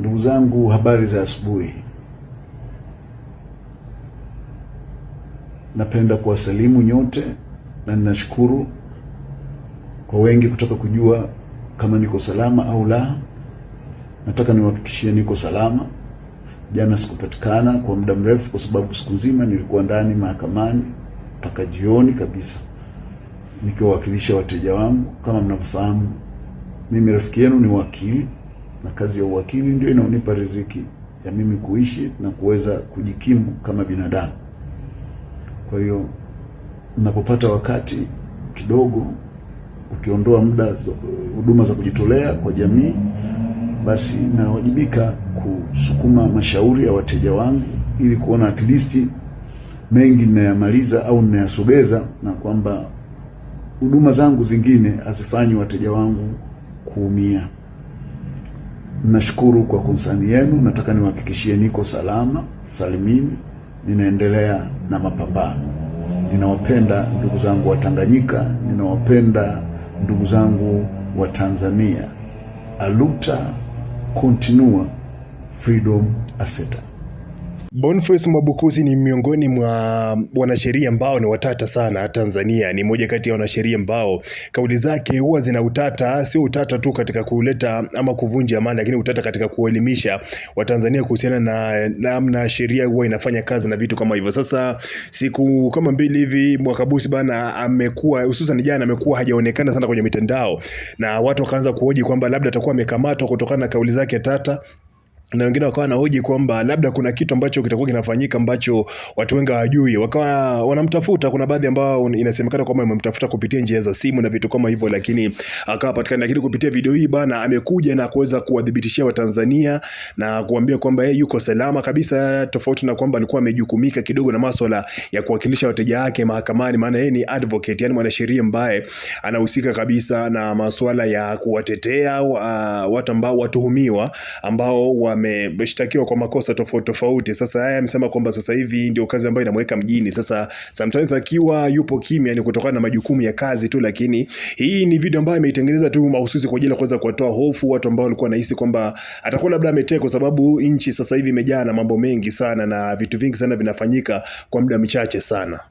Ndugu zangu, habari za asubuhi. Napenda kuwasalimu nyote na ninashukuru kwa wengi kutaka kujua kama niko salama au la. Nataka niwahakikishie niko salama. Jana sikupatikana kwa muda mrefu, kwa sababu siku nzima nilikuwa ndani mahakamani mpaka jioni kabisa, nikiwawakilisha wateja wangu. Kama mnavyofahamu, mimi rafiki yenu ni wakili na kazi ya uwakili ndio inaonipa riziki ya mimi kuishi na kuweza kujikimu kama binadamu. Kwa hiyo napopata wakati kidogo, ukiondoa muda huduma za kujitolea kwa jamii, basi nawajibika kusukuma mashauri ya wateja wangu ili kuona at least mengi ninayamaliza au ninayasogeza, na kwamba huduma zangu zingine hazifanyi wateja wangu kuumia. Nashukuru kwa konsani yenu. Nataka niwahakikishie niko salama salimini, ninaendelea na mapambano. Ninawapenda ndugu zangu wa Tanganyika, ninawapenda ndugu zangu wa Tanzania. Aluta continua, freedom aseta. Boniface Mwabukusi ni miongoni mwa wanasheria ambao ni watata sana Tanzania. Ni moja kati ya wanasheria ambao kauli zake huwa zina utata, sio utata tu katika kuleta ama kuvunja amani, lakini utata katika kuelimisha Watanzania kuhusiana na namna sheria huwa inafanya kazi na vitu kama hivyo. Sasa siku kama mbili hivi Mwakabusi bana amekuwa hususan jana amekuwa hajaonekana sana kwenye mitandao, na watu wakaanza kuhoji kwamba labda atakuwa amekamatwa kutokana na kauli zake tata na wengine wakawa wanahoji kwamba labda kuna kitu ambacho kitakuwa kinafanyika ambacho watu wengi hawajui, wakawa wanamtafuta. Kuna baadhi ambao inasemekana kwamba wamemtafuta kupitia njia za simu na vitu kama hivyo, lakini akawa patikana. Lakini kupitia video hii bana, amekuja na kuweza kuwadhibitishia Watanzania na kuambia kwamba yeye yuko salama kabisa, tofauti na kwamba alikuwa amejukumika kidogo na masuala ya kuwakilisha wateja wake mahakamani, maana yeye ni advocate, yani mwanasheria ambaye anahusika kabisa na masuala ya kuwatetea uh, watu ambao watuhumiwa ambao wa ameshtakiwa kwa makosa tofauti tofauti. Sasa haya amesema kwamba sasa hivi ndio kazi ambayo inamweka mjini. Sasa sometimes akiwa yupo kimya ni kutokana na majukumu ya kazi tu, lakini hii ni video ambayo ameitengeneza tu mahususi kwa ajili ya kuweza kuwatoa hofu watu ambao walikuwa wanahisi kwamba atakuwa labda ametekwa, sababu nchi sasa hivi imejaa na mambo mengi sana na vitu vingi sana vinafanyika kwa muda mchache sana.